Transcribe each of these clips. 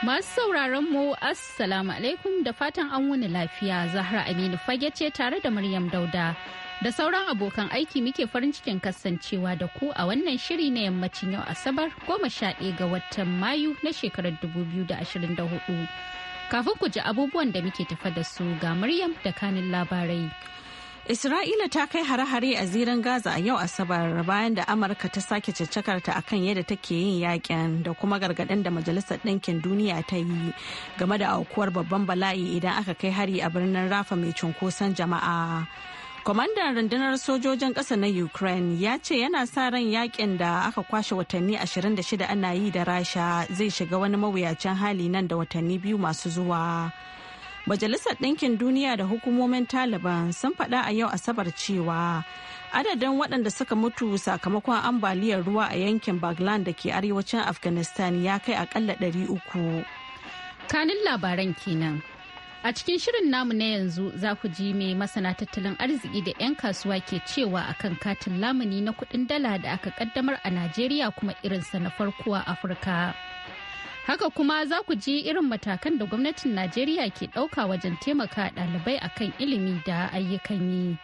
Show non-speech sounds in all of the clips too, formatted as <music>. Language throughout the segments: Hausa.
Masu sauraron mu Assalamu alaikum da fatan an wuni lafiya Zahra Aminu fage ce tare da Maryam Dauda. Da sauran abokan aiki muke farin cikin kasancewa da ku a wannan shiri na yammacin yau Asabar goma sha ga watan Mayu na shekarar 2024. Kafin ku ji abubuwan da muke tafa da su ga Maryam da kanin labarai. Isra'ila ta kai hare-hare a ziran Gaza a yau Asabar bayan da Amurka ta sake caccakarta akan yadda take yin yakin da kuma gargaɗin da Majalisar Ɗinkin Duniya ta yi game da aukuwar babban bala'i idan aka kai hari a birnin Rafa mai cunkoson jama'a. Kwamandan rundunar sojojin ƙasa na Ukraine ya ce yana sa ran yakin da aka kwashe watanni 26 ana yi da Rasha zai shiga wani mawuyacin hali nan da watanni biyu masu zuwa. Majalisar Ɗinkin Duniya da hukumomin Taliban sun faɗa a yau Asabar cewa adadin waɗanda suka mutu sakamakon ambaliyar ruwa a yankin bagland da ke arewacin Afghanistan ya kai akalla ɗari uku. Kanin labaran kenan. A cikin shirin namu na yanzu za ku ji mai masana tattalin arziki da 'yan kasuwa ke cewa akan katin lamuni na kudin dala da aka kaddamar a Najeriya kuma irinsa na farko a Afirka. Haka kuma za ku ji irin matakan da gwamnatin Najeriya ke ɗauka wajen taimaka ɗalibai akan ilimi da ayyukan yi.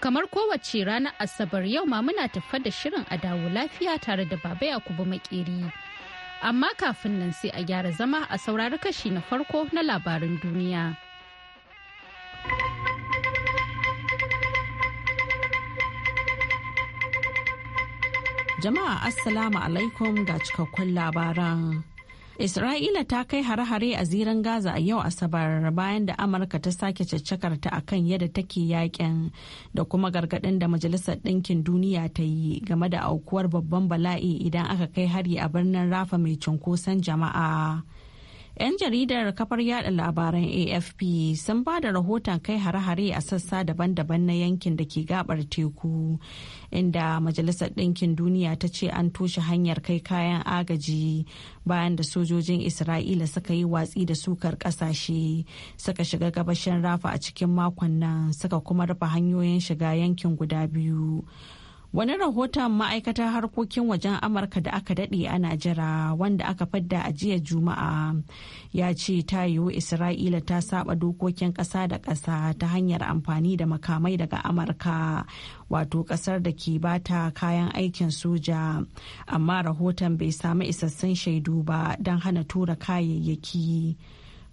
Kamar kowace ranar Asabar yau ma muna tafa da shirin a dawo lafiya tare da Baba Yakubu Makeri. Amma kafin nan sai a gyara zama a saurari kashi na farko na labarin duniya. Jama'a Assalamu alaikum ga cikakkun labaran. Isra'ila ta kai hare-hare a ziran Gaza a yau Asabar bayan da Amurka ta sake caccakar ta akan yadda take yakin da kuma gargaɗin da Majalisar Ɗinkin Duniya ta yi game da aukuwar babban bala'i idan aka kai hari a birnin Rafa mai cunkoson jama'a. 'Yan jaridar kafar yada labaran AFP sun ba da rahoton kai hare-hare a sassa daban-daban na yankin da ke gabar teku, inda Majalisar Ɗinkin Duniya ta ce an toshe hanyar kai kayan agaji bayan da sojojin Isra'ila suka yi watsi da sukar ƙasashe, suka shiga gabashin rafa a cikin makon nan suka kuma rufe hanyoyin shiga yankin guda biyu. wani rahoton ma'aikatar harkokin wajen amurka da aka daɗe a najera wanda aka fadda a jiya juma'a ya ce ta yiwu isra'ila ta saba dokokin ƙasa da ƙasa ta hanyar amfani da makamai daga amurka wato ƙasar da ke bata kayan aikin soja amma rahoton bai samu isassun shaidu ba don hana tura kayayyaki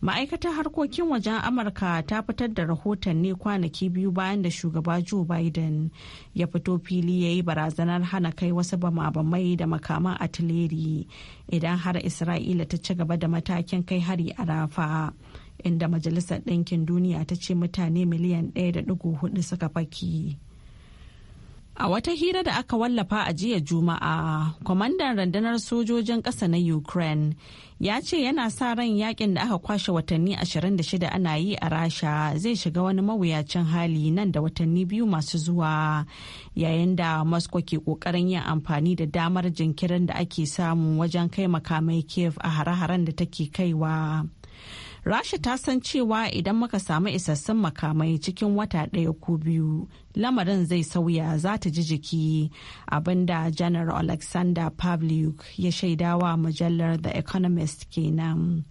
ma'aikatar harkokin wajen amurka ta fitar da rahoton ne kwanaki biyu bayan da shugaba joe biden ya fito fili ya yi barazanar hana kai wasu bamabamai da makaman atileri idan har isra'ila ta ci gaba da matakin kai hari a rafa inda majalisar ɗinkin duniya ta ce mutane miliyan 1.4 suka faki. A wata hira da aka wallafa a jiya Juma'a, kwamandan randanar sojojin ƙasa na Ukraine ya ce yana sa ran yakin da aka kwashe watanni 26 ana yi a Rasha zai shiga wani mawuyacin hali nan da watanni biyu masu zuwa yayin da Moscow ke ƙoƙarin yin amfani da damar jinkirin da ake samu wajen kai makamai Kiev a hare-haren da take kaiwa. Rasha ta san cewa idan muka samu isassun makamai cikin wata ɗaya ko biyu lamarin zai sauya za ta ji jiki abinda general Alexander Pavlyuk ya shaidawa mujallar The Economist kenan.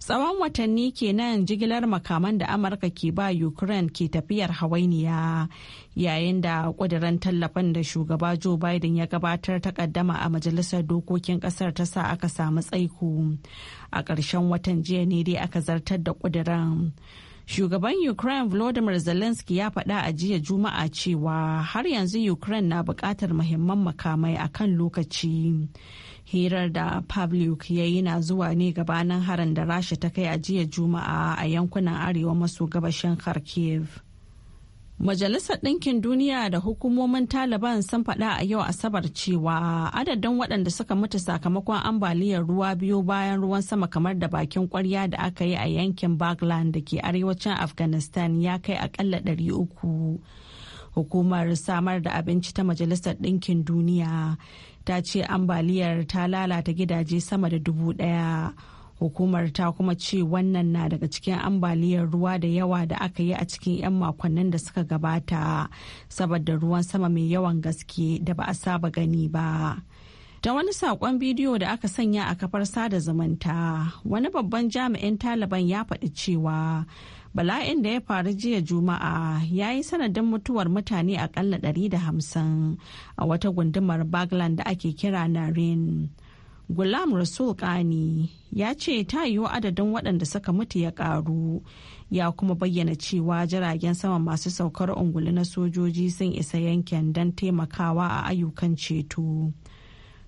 Tsawon watanni kenan jigilar makaman da Amurka ke ba Ukraine ke tafiyar hawainiya yayin da kudirin tallafin da shugaba Joe Biden ya gabatar ta kaddama a majalisar dokokin kasar ta sa aka samu tsaiku. a ƙarshen watan jiya ne dai aka zartar da ƙudiran. Shugaban Ukraine Volodymyr Zelensky ya faɗa a jiya Juma'a cewa har yanzu Ukraine na buƙatar muhimman makamai a kan lokaci. Hirar da Pavlyuk ya yi na zuwa ne gabanin harin da Rasha ta kai a jiya Juma'a a yankunan arewa maso gabashin Kharkiv. Majalisar Ɗinkin Duniya da hukumomin Taliban sun faɗa a yau Asabar cewa adadin waɗanda suka mutu sakamakon ambaliyar ruwa biyu bayan ruwan sama kamar da bakin ƙwarya da aka yi a yankin Baghlan da ke arewacin Afghanistan ya kai akalla ɗari uku. Hukumar samar da abinci ta Majalisar Ɗinkin Duniya ta ce ambaliyar ta lalata gidaje sama da dubu ɗaya. hukumar ta kuma ce wannan na daga cikin ambaliyar ruwa da yawa da aka yi a cikin 'yan makonnin da suka gabata saboda ruwan sama mai yawan gaske da ba a saba gani ba ta wani saƙon bidiyo da aka sanya a kafar sada zumunta wani babban jami'in taliban ya faɗi cewa bala'in da ya faru jiya juma'a ya yi sanadin mutuwar mutane akalla 150 a wata gundumar bagland da ake kira narin. Gulam Rasul Kani ya ce ta yiwu adadin waɗanda suka mutu ya ƙaru ya kuma bayyana cewa jiragen sama masu saukar ungulu na sojoji sun isa yankin don taimakawa a ayyukan ceto.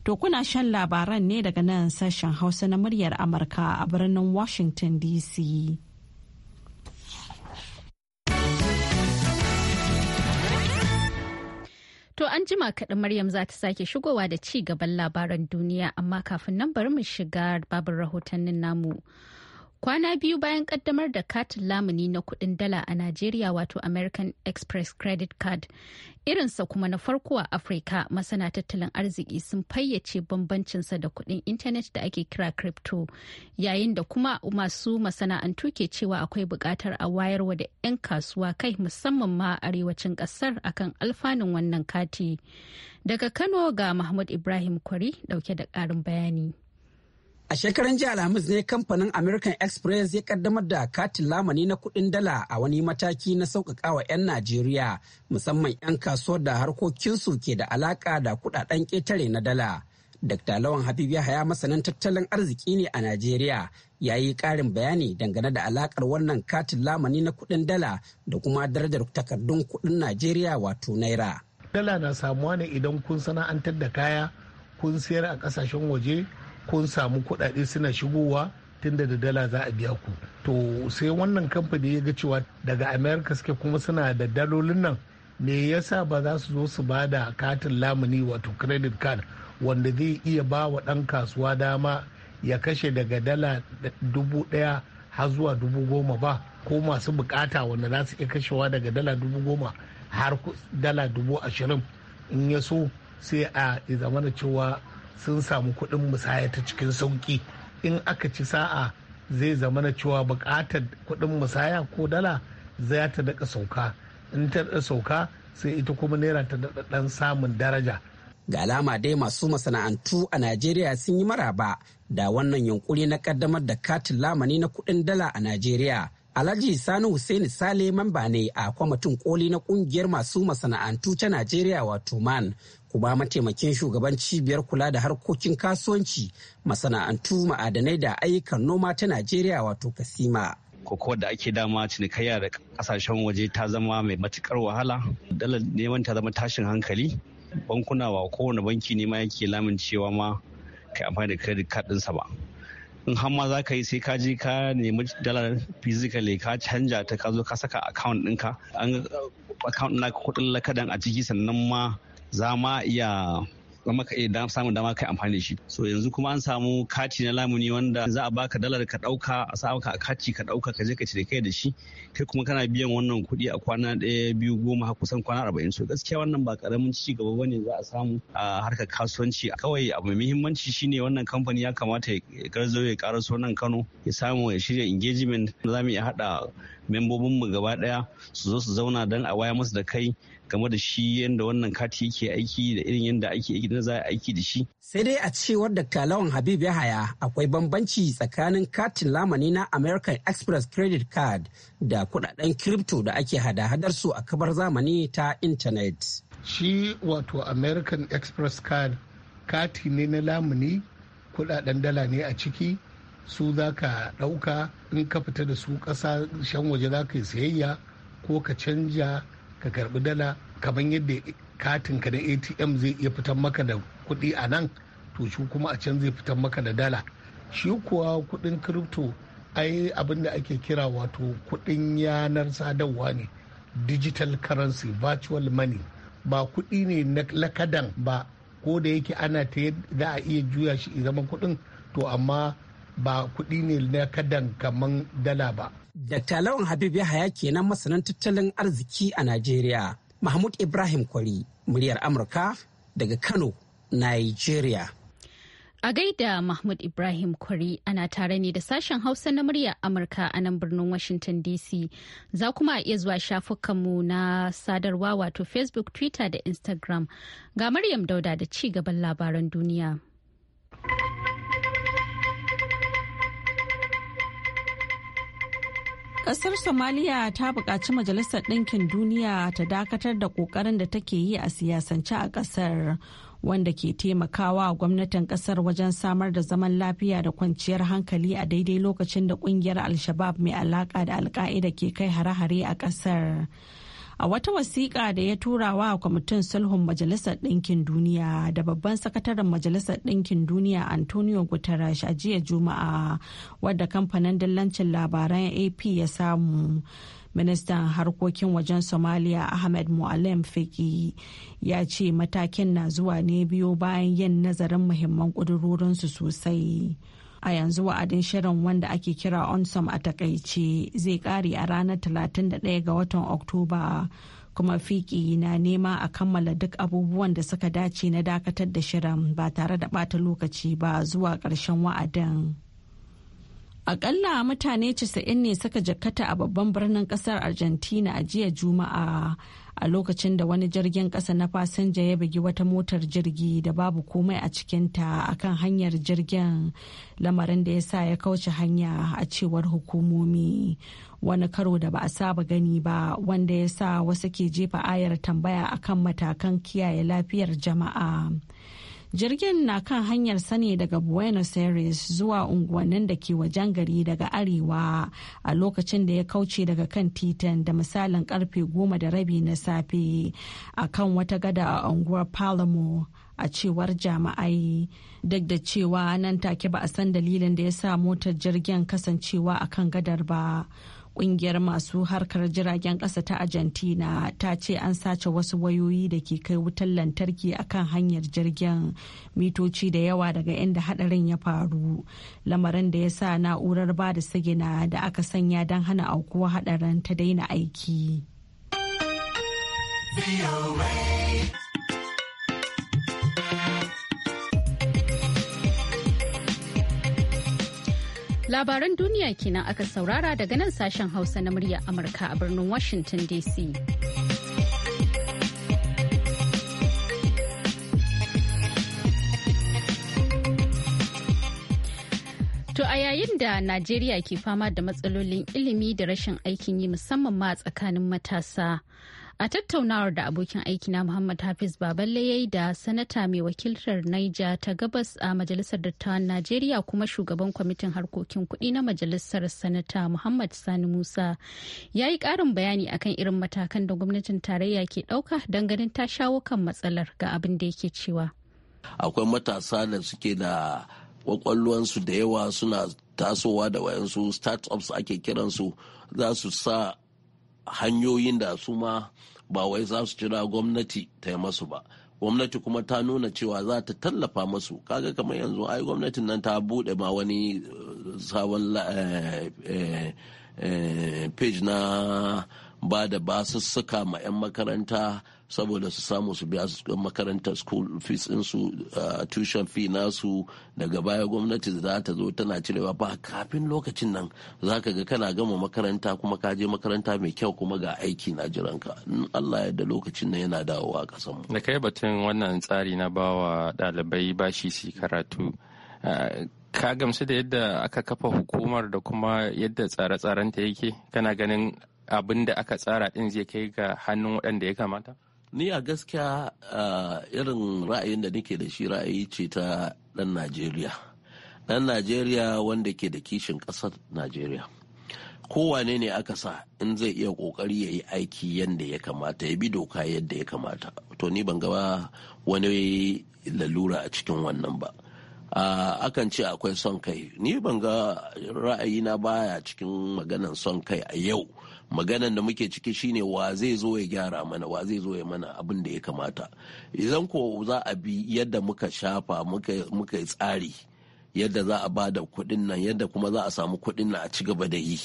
To kuna shan labaran ne daga nan sashen Hausa na muryar Amurka a birnin Washington DC. To an jima kaɗan Maryam za ta sake shigowa da ci gaban labaran duniya amma kafin nan bari mu shiga babin rahotannin namu. Kwana biyu bayan kaddamar da katin lamuni na kuɗin dala a Najeriya wato American Express Credit Card. Irinsa kuma na farko a Afrika masana tattalin arziki sun fayyace bambancinsa da kuɗin intanet da ake kira crypto yayin da kuma masu masana'antu ke cewa akwai buƙatar a wayarwa da 'yan kasuwa kai musamman ma arewacin ƙasar akan alfanun wannan kati. Daga Kano ga Mahmud Ibrahim Kwari dauke da ƙarin bayani. A shekaran jiya Alhamis ne kamfanin American Express ya kaddamar da katin lamani na kuɗin dala a wani mataki na wa 'yan Najeriya musamman 'yan kasuwar da harkokinsu ke da alaƙa da kuɗaɗen ƙetare na dala. Dr. Lawan Habib Yahaya masanin tattalin arziki ne a Najeriya ya yi ƙarin bayani dangane da alaƙar wannan katin lamani na kuɗin dala da kuma darajar takardun kuɗin Najeriya wato Naira. Dala na samuwa ne idan kun sana'antar da kaya kun sayar a ƙasashen waje kun samu kuɗaɗe suna shigowa tunda da dala za a biya ku to sai wannan kamfani ya ga cewa daga america suke kuma suna da dalolin nan me yasa ba za su zo su ba da katin lamuni wato credit card wanda zai iya ba wa ɗan kasuwa dama ya kashe daga dala dubu ɗaya har zuwa dubu goma ba ko masu bukata wanda za su iya kashewa daga dala dubu goma har dala dubu ashirin in ya so sai a zamana cewa sun samu kuɗin musaya ta cikin sauƙi in aka ci sa'a zai zama na cewa buƙatar kuɗin musaya ko dala za ta daɗa sauka in ta daɗa sauka sai ita kuma naira ta daɗa ɗan samun daraja. ga alama dai masu masana'antu a najeriya sun yi maraba da wannan yunkuri na kaddamar da katin lamani na kuɗin dala a najeriya alhaji sani hussein sale mamba ne a kwamitin koli na kungiyar masu masana'antu ta najeriya wato man kuma mataimakin shugaban cibiyar kula da harkokin kasuwanci masana'antu ma'adanai da ayyukan noma ta najeriya wato kasima kokowar da ake dama cinikayya da kasashen waje ta zama mai matukar wahala dala neman ta zama tashin hankali bankuna ba kowane banki ne ma yake lamin cewa ma kai amfani da credit card ɗinsa ba in har ma za ka yi sai ka je ka nemi dalar physically ka canja ta ka zo ka saka account ɗinka an account na kuɗin lakadan a ciki sannan ma za ma iya kuma ka iya samun dama kai amfani da shi so yanzu kuma an samu kati na lamuni wanda za a baka dalar ka dauka a sa maka kati ka dauka ka je ka cire kai da shi kai kuma kana biyan wannan kuɗi a kwana ɗaya biyu goma har kusan kwana arba'in so gaskiya wannan ba karamin ci gaba bane za a samu a harkar kasuwanci kawai abu mai muhimmanci shine wannan kamfani ya kamata ya garzo ya karaso nan Kano ya samu ya shirya engagement za mu iya haɗa membobinmu gaba ɗaya su zo su zauna dan a waya musu da kai game da shi yadda wannan kati yake aiki da irin yadda ake aiki za a aiki da shi. Sai dai a cewar da Lawan Habib Yahaya akwai bambanci tsakanin katin lamani na American Express Credit Card da kudaden crypto da ake hada-hadar su a kabar zamani ta intanet. Shi wato American Express Card kati ne na lamuni kudaden dala ne a ciki su za ka ɗauka in ka fita da su shan waje za ka yi sayayya ko ka canja ka karbi dala kamar yadda katin ka na atm zai iya fitan maka da kuɗi a nan to shi kuma a can zai fitan maka da dala shi kuwa kuɗin crypto ai abin da ake kira wato kuɗin yanar sadarwa ne digital currency virtual money ba kuɗi ne na lakadan ba ko da yake ana ta za a iya juya shi zama kuɗin to amma ba kuɗi ne na kadan kamar dala ba Dr. Lawan Habib Yahaya kenan masanin tattalin arziki a Najeriya. Mahmud Ibrahim Kwari, muryar Amurka daga Kano, Najeriya. A gaida Mahmud Ibrahim Kwari ana tare ne da sashen Hausa na muryar Amurka a nan birnin Washington DC. Za kuma a iya zuwa shafukanmu na sadarwa wato Facebook, Twitter da Instagram. Ga Maryam Dauda da ci gaban labaran duniya. Ƙasar Somaliya ta buƙaci Majalisar Ɗinkin Duniya ta dakatar da ƙoƙarin da take yi a siyasance a ƙasar wanda ke taimakawa gwamnatin ƙasar wajen samar da zaman lafiya da kwanciyar hankali a daidai lokacin da ƙungiyar Al-Shabaab mai alaƙa da Al-Qaida ke kai hare-hare a ƙasar. a wata wasiƙa da ya tura wa kwamitin sulhun majalisar ɗinkin duniya da babban sakataren majalisar ɗinkin duniya antonio guterres a jiya juma'a wadda kamfanin dillancin labaran ap ya samu ministan harkokin wajen somalia ahmed muallim fiki ya ce matakin na zuwa ne biyo bayan yin nazarin muhimman ƙudurorinsu sosai. a yanzu wa'adin shirin wanda ake kira onsom a takaice zai kare a ranar 31 ga watan oktoba kuma fiki na nema a kammala duk abubuwan da suka dace na dakatar da shirin ba tare da bata lokaci ba zuwa ƙarshen wa'adin. Akalla mutane 90 ne suka jakata a babban birnin kasar Argentina a jiya Juma'a a lokacin da wani jirgin ƙasa na fasinja ya bugi wata motar jirgi da babu komai a cikinta a kan hanyar jirgin lamarin da ya sa ya kauce hanya a cewar hukumomi wani karo da ba a saba gani ba wanda ya sa wasu ke jefa ayar tambaya akan matakan kiyaye lafiyar jama'a. jirgin na kan hanyar sani daga buenos aires zuwa unguwannin da ke wajen gari daga arewa a lokacin da ya kauce daga kan titan da misalin karfe goma da rabi na safe a kan wata gada a unguwar palamo a cewar jama'ai duk da cewa nan take ba a san dalilin da ya sa motar jirgin kasancewa a kan gadar ba kungiyar masu harkar jiragen kasa ta argentina ta ce an sace wasu wayoyi da ke kai wutar lantarki akan hanyar jirgin mitoci da yawa daga inda hadarin ya faru lamarin da ya sa na'urar ba da sigina da aka sanya don hana aukuwa hadarin ta daina aiki. Labaran duniya kenan aka saurara daga nan sashen Hausa na murya Amurka a birnin Washington DC. To a yayin da Najeriya ke fama da matsalolin ilimi da rashin aikin yi musamman ma tsakanin matasa. A tattaunawar da abokin aikina Muhammad Hafiz Baballe ya yi da sanata mai wakiltar Naija ta gabas a Majalisar Dattawan Najeriya kuma shugaban kwamitin harkokin kuɗi na Majalisar Sanata Muhammad Sani Musa ya yi ƙarin bayani akan irin matakan da gwamnatin tarayya ke ɗauka don ganin ta shawo kan matsalar ga abin da yake cewa. Akwai matasa da suke da kwakwalwansu da yawa suna tasowa da wayansu startups ake kiransu za su sa hanyoyin da su ma ba wai za su jira gwamnati ta yi masu ba gwamnati kuma ta nuna cewa za ta tallafa masu kaga kamar yanzu ai gwamnatin nan ta bude ma wani eh, sabon eh, eh, page na ba da basussuka ma 'yan makaranta saboda su samu su biya su makarantar school fees su tuition fee nasu daga baya gwamnati za ta zo tana cirewa ba kafin lokacin nan za ka ga kana gama makaranta kuma ka je makaranta mai kyau kuma ga aiki na jiranka in Allah ya da lokacin nan yana dawowa a kasan mu da kai batun wannan tsari na bawa ɗalibai bashi su karatu ka gamsu da yadda aka kafa hukumar da kuma yadda tsare tsaren ta yake kana ganin abin da aka tsara din zai kai ga hannun waɗanda ya kamata? Ni a gaskiya eh, irin ra'ayin da nake da shi ra'ayi ce ta ɗan Najeriya. Ɗan Najeriya wanda ke da kishin ƙasar Najeriya. Kowane ne aka sa in zai iya ƙoƙari ya yi aiki yadda ya kamata ya bi doka yadda ya kamata. To ni ban gaba wani lalura a cikin wannan ba. Ah, akan ce akwai son kai ni ban ga ra'ayina baya cikin maganan son kai a yau maganan da muke ciki shine wa zai zo ya gyara mana wa zai zo ya mana abin da ya kamata idan ko za a bi yadda muka shafa muka yi tsari yadda za a ba da kuɗin nan yadda kuma za a samu kuɗin nan a ci gaba da yi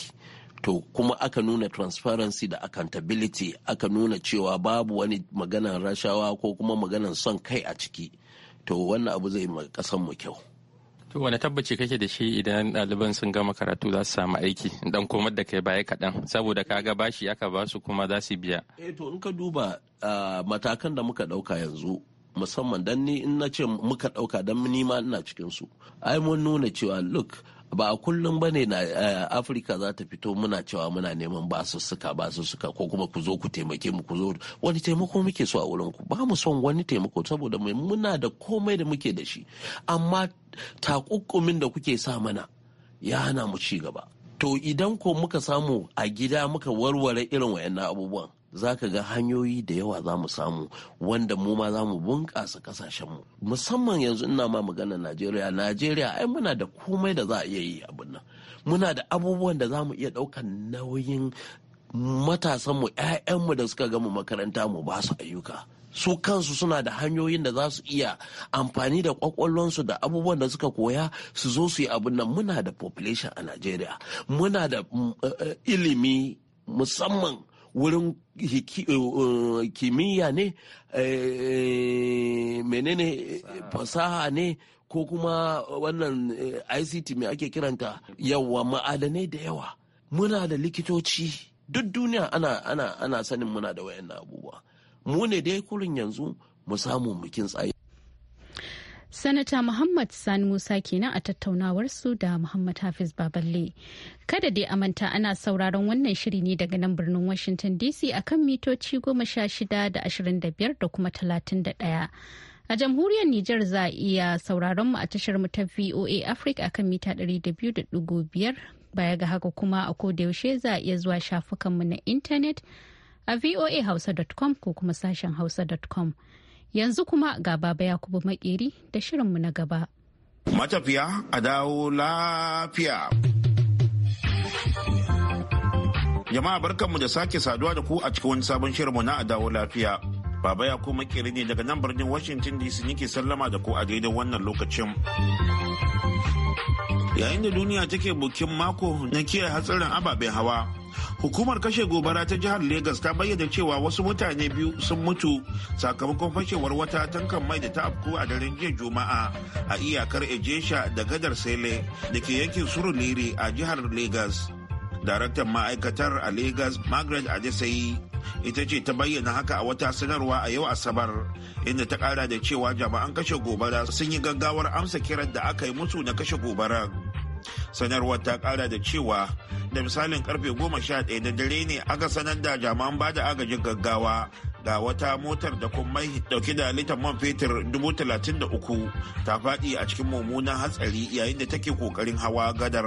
to kuma aka nuna transparency da accountability aka nuna cewa babu wani maganan rashawa ko kuma maganan son kai a ciki to wannan abu zai ma mu kyau To wani tabbaci kake da shi idan ɗaliban sun gama karatu za su samu aiki dan komar da kai baya kaɗan saboda kaga bashi aka ba su kuma za su biya. Eh to in ka duba matakan da muka ɗauka yanzu musamman dan ni in na ce muka ɗauka dan ni ma ina cikin su. Ai mun nuna cewa look ba a kullum ba ne na eh, afirka za ta fito muna cewa muna neman basussuka basussuka ko kuma ku zo ku taimake mu ku zo wani taimako muke so a wurin ku ba mu son wani taimako saboda mai muna da komai da muke da shi amma takukkumin da kuke sa mana ya hana mu ci gaba to idan ko muka samu a gida muka warware irin wayannan abubuwan za ka ga hanyoyi da yawa za mu samu wanda mu ma za mu bunƙasa ƙasashenmu musamman yanzu ina ma magana najeriya najeriya ai muna da komai da za a iya yi abin nan muna da abubuwan da za mu iya ɗaukan nauyin matasanmu ƴaƴanmu da suka gama makaranta mu ba su ayyuka su kansu suna da hanyoyin da za su iya amfani da kwakwallonsu da abubuwan da suka koya su zo su yi abin nan muna da population a najeriya muna da mm, eh, eh, ilimi musamman wurin eh, eh, kimiyya ne eh, menene fasaha ne ko kuma wannan ict mai ake kiranta yawa ma'adanai da yawa muna da likitoci duk duniya ana sanin muna da wayan abubuwa mu ne dai kurin yanzu mu samu mu tsaye. Sanata Muhammad Sani Musa kenan a tattaunawarsu da Muhammad Hafiz Baballe. Kada dai amanta ana sauraron wannan shiri ne daga nan birnin Washington DC akan mitoci goma sha shida da ashirin da biyar da kuma talatin da ɗaya. A jamhuriyar Nijar za a iya sauraron mu a tashar mu ta VOA Africa akan mita ɗari da biyu da ɗigo biyar. Baya ga haka kuma a ko yaushe za a iya zuwa shafukanmu na intanet a voahausa.com ko kuma sashen hausa.com. Yanzu kuma ga Baba Yakubu Makeri da shirinmu na gaba. Matafiya a dawo lafiya. Jama'a barkanmu da sake saduwa da ku a cikin wani sabon shirinmu na a dawo lafiya. Baba Yakubu Makeri ne daga nan birnin Washington DC nike sallama da ku a daidai wannan lokacin. Yayin da duniya take bukin mako na kiyaye hatsarin ababen hawa. hukumar kashe gobara ta jihar Legas ta bayyana cewa wasu mutane biyu sun mutu sakamakon fashewar wata tankan mai da ta afku a daren jiya Juma'a a iyakar Ejesha da gadar Sele da ke yankin Surulere a jihar Legas. Daraktan ma'aikatar a Legas Margaret Adesayi ita ce ta bayyana haka a wata sanarwa a yau asabar inda ta kara da cewa jama'an kashe gobara sun yi gaggawar amsa kiran da aka yi musu na kashe gobara. sanarwar ta kara da cewa da misalin karfe 11 da dare ne aka sanar da jami'an da agajin gaggawa ga wata motar da kuma dauke da litan man fetur dubu talatin da uku ta faɗi a cikin mummunan hatsari yayin da take kokarin hawa gadar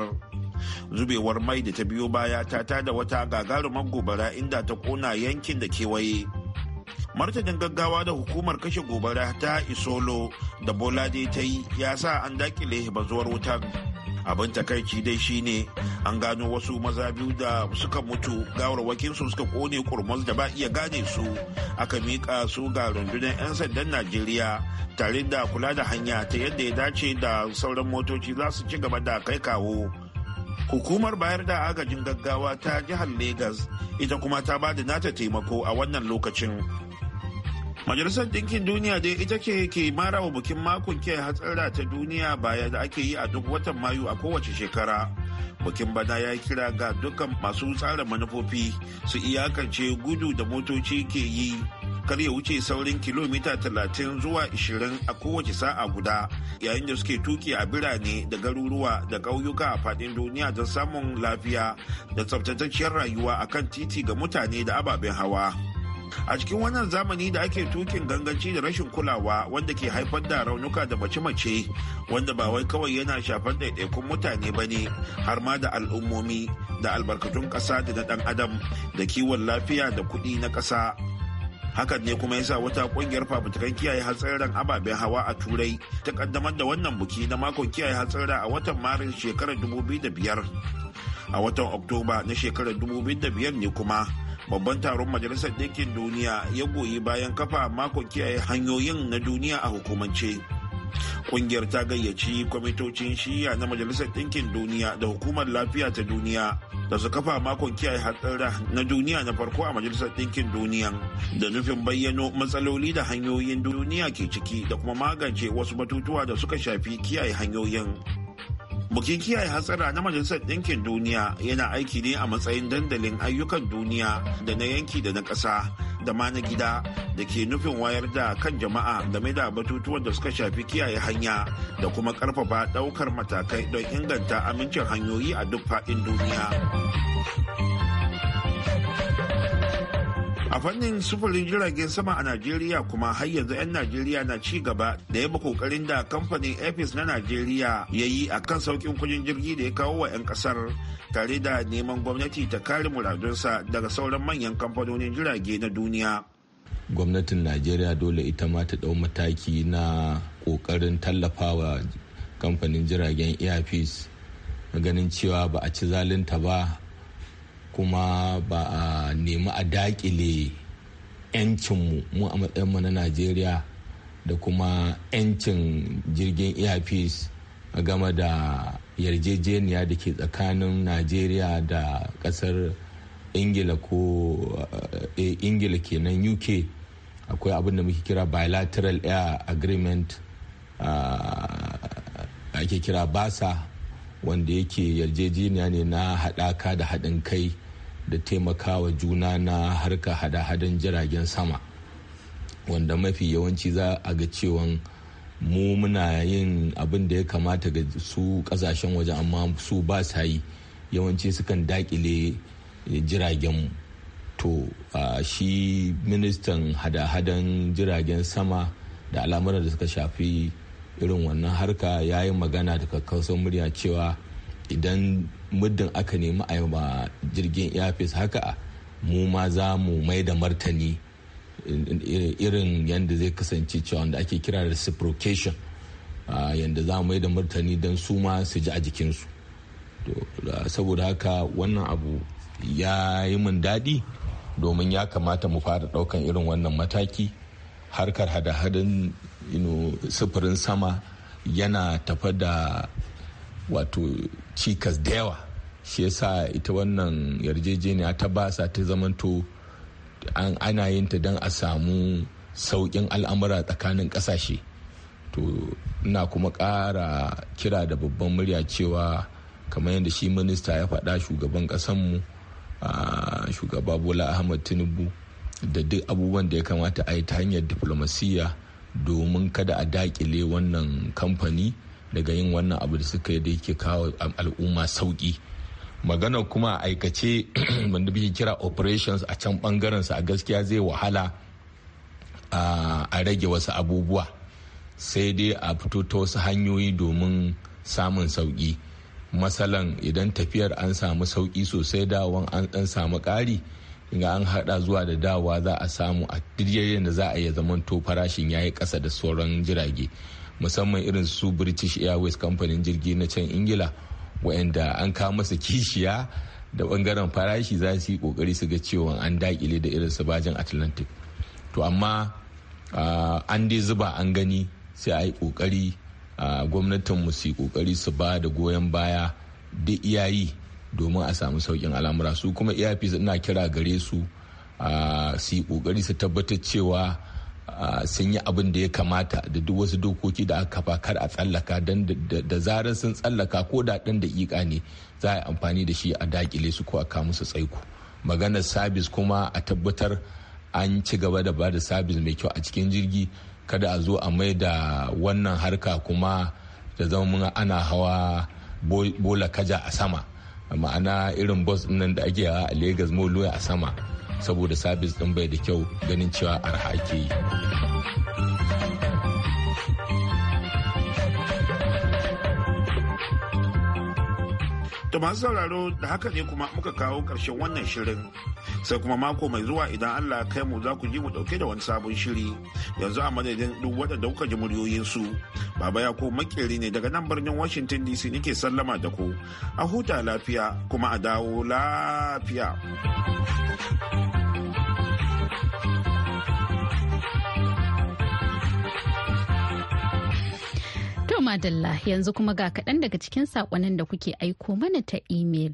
zubewar mai da ta biyo baya ta tada wata gagarumar gobara inda ta kona yankin da kewaye martanin gaggawa da hukumar kashe gobara ta isolo da bolade ta yi ya sa an dakile bazuwar wutar abin takaici dai shine an gano wasu maza biyu da suka mutu gawarwakinsu suka kone kurmus da ba iya gane su aka miƙa su ga rundunar 'yan sandan najeriya tare da kula da hanya ta yadda ya dace da sauran motoci za su ci gaba da kai kawo hukumar bayar da agajin gaggawa ta jihar Legas ita kuma ta ba da nata taimako a wannan lokacin Majalisar Dinkin Duniya dai ita ce ke mara wa bukin makon ke hatsara ta duniya baya da ake yi a duk watan Mayu a kowace shekara. bikin bana ya kira ga dukkan masu tsara manufofi su iyakance gudu da motoci ke yi kar ya wuce saurin kilomita 30 zuwa 20 a kowace sa'a guda yayin da suke tuki a birane da garuruwa da ƙauyuka a faɗin duniya don samun lafiya da tsaftatacciyar rayuwa akan titi ga mutane da ababen hawa. a cikin wannan zamani da ake tukin ganganci da rashin kulawa wanda ke haifar da raunuka da mace-mace wanda ba wai kawai yana shafar ɗaiɗaikun mutane ba ne har ma da al'ummomi da albarkatun ƙasa da na ɗan adam da kiwon lafiya da kuɗi na ƙasa hakan ne kuma yasa wata kungiyar fafutukan kiyaye hatsarin ababen hawa a turai ta kaddamar da wannan buki na makon kiyaye hatsara a watan maris shekarar 2005 a watan oktoba na shekarar biyar ne kuma babban taron majalisar ɗinkin duniya ya goyi bayan kafa makon kiyaye hanyoyin na duniya a hukumance Ƙungiyar ta gayyaci kwamitocin shiya na majalisar ɗinkin duniya da hukumar lafiya ta duniya da su kafa makon kiyaye hatsara na duniya na farko a majalisar ɗinkin duniya da nufin bayyano matsaloli da hanyoyin duniya ke ciki da kuma magance wasu batutuwa da suka shafi kiyaye hanyoyin Bukin kiyaye hatsara na Majalisar Ɗinkin Duniya yana aiki ne a matsayin dandalin ayyukan duniya da na yanki da na ƙasa da ma na gida da ke nufin wayar da kan jama'a game da batutuwan da suka shafi kiyaye hanya da kuma ƙarfafa ɗaukar matakai don inganta amincin hanyoyi a duk faɗin duniya. a fannin sufurin jiragen sama a najeriya kuma har yanzu 'yan najeriya na ci gaba da yaba kokarin da kamfanin apis na najeriya ya yi a kan saukin kudin jirgi da ya kawo wa 'yan kasar tare da neman gwamnati ta kare muradunsa daga sauran manyan kamfanonin jirage na duniya gwamnatin najeriya dole ita ma ta dau mataki na kokarin tallafawa kamfanin jiragen apis ganin cewa ba a ci zalinta ba kuma ba a nemi a dakile 'yancinmu mu a matsayinmu na najeriya da kuma 'yancin jirgin a game da yarjejeniya da ke tsakanin najeriya da kasar ingila ko eh, eh, ingila kenan uk akwai abin da muke kira bilateral air agreement ah, ake kira basa wanda yake yarjejeniya ne na haɗaka da haɗin kai da taimakawa juna na harka hada-hadan jiragen sama wanda mafi yawanci za a ga cewa mu muna yin abin da ya kamata ga su kasashen waje amma su ba sa yi yawanci sukan dakile eh, jiragenmu to shi ministan hada-hadan jiragen sama da al'amuran da suka shafi irin wannan harka ya yi magana da kakkausar murya cewa idan muddin aka nemi a ma jirgin yafis haka mu ma za mu mai da martani irin yadda zai kasance cewa wanda ake kira reciprocation yadda za mu mai da martani don su ma su ji a jikinsu saboda haka wannan abu ya yi min daɗi domin ya kamata mu fara ɗaukan irin wannan mataki harkar hada-hadan sufurin sama yana tafa da wato cikas da yawa shi yasa ita wannan yarjejeniya ta basa ta zamanto an ana yin ta don a samu sauƙin al'amura tsakanin ƙasashe to ina kuma ƙara kira da babban murya cewa kamar yadda shi minista ya faɗa shugaban ƙasanmu shugaba bola ahmad tinubu da duk abubuwan da ya kamata a yi ta hanyar diflomasiyya domin kada a dakile wannan kamfani daga yin wannan abu da suka yi da yake kawo al'umma sauki magana kuma a aikace <clears throat> wanda biki kira operations a can bangaren sa a gaskiya zai wahala a rage wasu abubuwa sai dai a fito ta wasu hanyoyi domin samun sauki masalan idan tafiyar an samu sauki sosai dawon an samu ƙari ga an hada zuwa da dawa za a samu a duk da za a iya zamanto farashin ya yi kasa da sauran jirage musamman irin su british airways kamfanin jirgi na can ingila wayanda an kawo masa kishiya da bangaren farashi za su yi kokari su ga cewa an dakile da irin su bajin atlantic to amma an dai zuba an gani sai a yi kokari gwamnatin mu su yi kokari su ba da goyon baya da iyayi domin a samu saukin al'amura su kuma iyafi ina kira gare su su yi ƙoƙari su tabbatar cewa sun yi abin da ya kamata da duk wasu dokoki da aka kafa kar a tsallaka don da zarar sun tsallaka ko da ɗan daƙiƙa ne za a yi amfani da shi a dakile su ko a kawo musu tsaiko maganar sabis kuma a tabbatar an ci gaba da ba da sabis mai kyau a cikin jirgi kada a zo a mai da wannan harka kuma da zama ana hawa bola kaja a sama ma'ana irin bus nan da ake a Legas Moluwa a sama saboda sabis din bai da kyau ganin cewa arha ake yi. Da masu sauraro da haka ne kuma muka kawo ƙarshen wannan shirin. Sai kuma mako mai zuwa idan Allah kai mu za ku ji mu dauke da wani sabon shiri. Yanzu a madadin duk wadanda kuka ji muryoyinsu. Baba ya ko makeri ne daga nan birnin Washington DC nake sallama da ku. A huta lafiya kuma a dawo lafiya. To madalla yanzu kuma ga kaɗan daga cikin saƙonin da kuke aiko mana ta imel.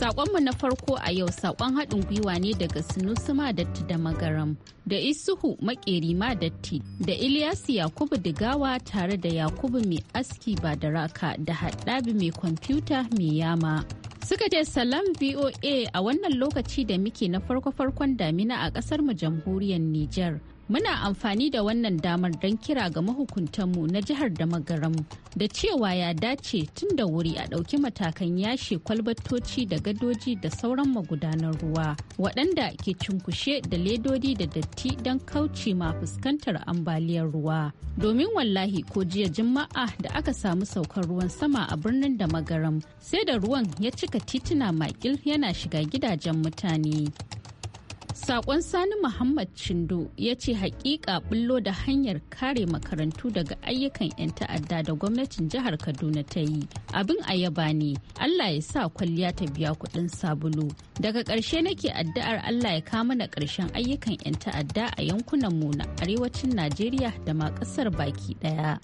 Sakonmu na farko a yau sakon haɗin gwiwa ne daga Sinusuma Datti da Magaram, da Isuhu Makeri Datti, da Ilyasu Yakubu Digawa tare da Yakubu mai aski ba da raka da haɗabi mai kwamfuta mai yama. Suka ce salam VOA a wannan lokaci da muke na farko-farkon damina a ƙasar jamhuriyar Nijar. muna amfani da wannan damar don kira ga mahukuntanmu na jihar da magaram da cewa ya dace tun da wuri a ɗauki matakan yashe kwalbatoci da gadoji da sauran magudanar ruwa waɗanda ke cunkushe da ledodi da datti don kauce ma fuskantar ambaliyar ruwa domin wallahi ko jiya juma'a da aka samu saukar ruwan sama a birnin da magaram sai da ruwan ya cika tituna makil yana shiga gidajen mutane Sakon Sani Muhammad Chindo ya ce hakika bullo da hanyar kare makarantu daga ayyukan 'yan ta'adda da gwamnatin jihar Kaduna ta yi. Abin ayaba ne, Allah ya sa kwalliya ta biya kuɗin sabulu. Daga ƙarshe nake addu'ar Allah ya kama na ƙarshen ayyukan 'yan ta'adda a yankunan mu na arewacin Najeriya da ma ƙasar baki ɗaya.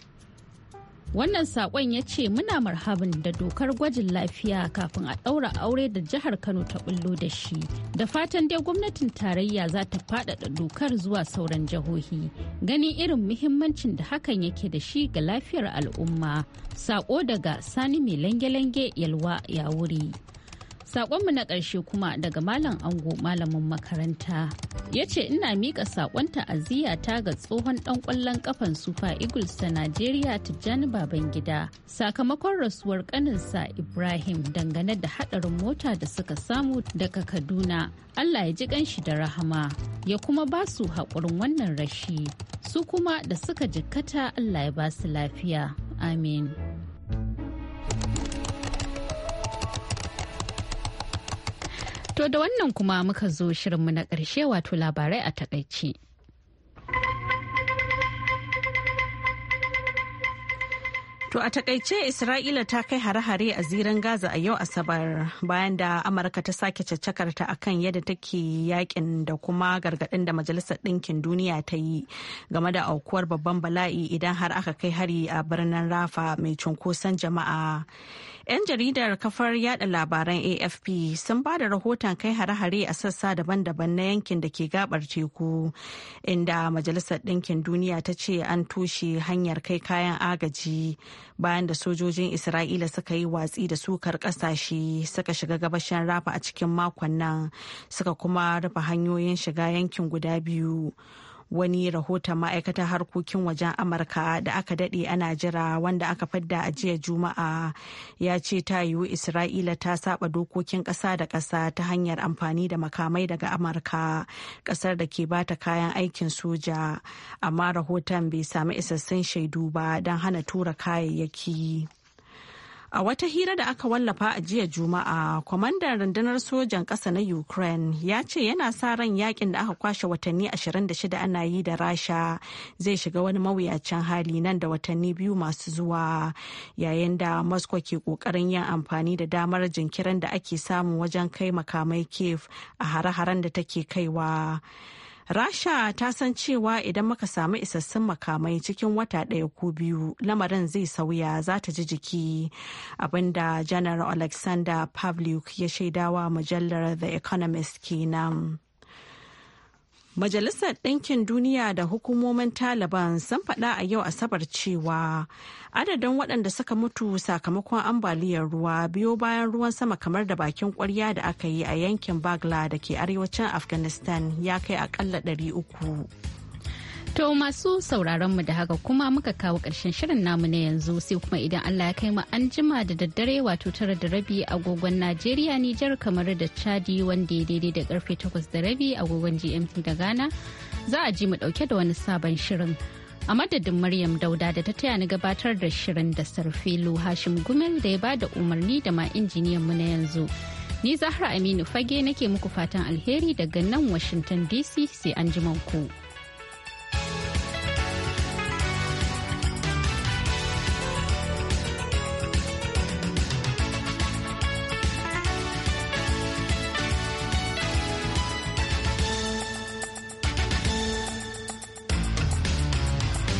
Wannan sakon ya ce muna marhabin da dokar gwajin lafiya kafin a ɗaura aure da jihar Kano ta bullo da shi. Da fatan dai gwamnatin tarayya za ta faɗaɗa dokar zuwa sauran jihohi. gani irin muhimmancin da hakan yake da shi ga lafiyar al'umma. sako daga Sani mai lange-lange yalwa ya wuri. Sakonmu na ƙarshe kuma daga Malam Ango malamin makaranta ya ce ina miƙa sakon ta ga tsohon ɗan ƙwallon ƙafan Super Eagles ta Najeriya Tijjani Babangida sakamakon rasuwar ƙaninsa Ibrahim dangane da haɗarin mota da suka samu daga Kaduna. Allah ya ji ƙanshi da rahama ya kuma ba su haƙurin wannan rashi su kuma da suka jikkata Allah ya ba su lafiya. Amin. To da wannan kuma muka zo shirinmu na ƙarshe wato labarai a takaici. To a takaice Isra'ila ta kai hare-hare a ziran Gaza a yau Asabar bayan da Amurka ta sake caccakar ta akan yadda take yakin da kuma gargaɗin da Majalisar Ɗinkin Duniya ta yi game da aukuwar babban bala'i idan har aka kai hari a birnin Rafa mai cunkoson jama'a. 'Yan jaridar kafar yada labaran AFP sun ba da rahoton kai hare-hare a sassa daban-daban na yankin da ke gabar teku inda Majalisar Ɗinkin Duniya ta ce an toshe hanyar kai kayan agaji. bayan da sojojin isra'ila suka yi watsi da sukar kasashe suka shiga gabashin rafa a cikin makon nan suka kuma rufe hanyoyin shiga yankin guda biyu wani rahoton ma'aikatar harkokin wajen amurka da aka dade ana jira wanda aka fadda a jiya juma'a ya ce ta yiwu isra'ila ta saba dokokin kasa da kasa ta hanyar amfani da makamai daga amurka ƙasar da ke bata kayan aikin soja amma rahoton bai sami isassun shaidu ba don hana tura kayayyaki. A wata hira da aka wallafa a jiya Juma'a, kwamandan rundunar sojan ƙasa na Ukraine ya ce yana sa ran yakin da aka kwashe watanni 26 ana yi da Rasha zai shiga wani mawuyacin hali nan da watanni biyu masu zuwa yayin da Moscow ke ƙoƙarin yin amfani da damar jinkirin da ake samu wajen kai makamai Kiev a hare-haren da take kaiwa. Rasha ta san cewa idan muka samu isassun makamai cikin wata ɗaya ko biyu lamarin zai sauya za ta ji jiki abinda janar Alexander Pavlyuk ya shaidawa mujallar The Economist kenan. Majalisar Ɗinkin Duniya da hukumomin Taliban sun faɗa a yau Asabar cewa adadin waɗanda suka mutu sakamakon ambaliyar ruwa biyo bayan ruwan sama kamar da bakin ƙwarya da aka yi a yankin Bagla da ke arewacin Afghanistan ya kai aƙalla uku. To masu sauraron mu da haka kuma muka kawo ƙarshen shirin namu na yanzu sai kuma idan Allah ya kai mu an jima da daddare wato tara da rabi agogon Najeriya Nijar kamar da Chadi wanda ya daidai da karfe takwas da rabi agogon GMT da Ghana za a ji mu ɗauke da wani sabon shirin. A madadin Maryam Dauda da ta taya ni gabatar da shirin da Sarfilu Hashim Gumel da ya bada umarni da ma injiniyan mu na yanzu. Ni Zahra Aminu Fage nake muku fatan alheri daga nan Washington DC sai an ku.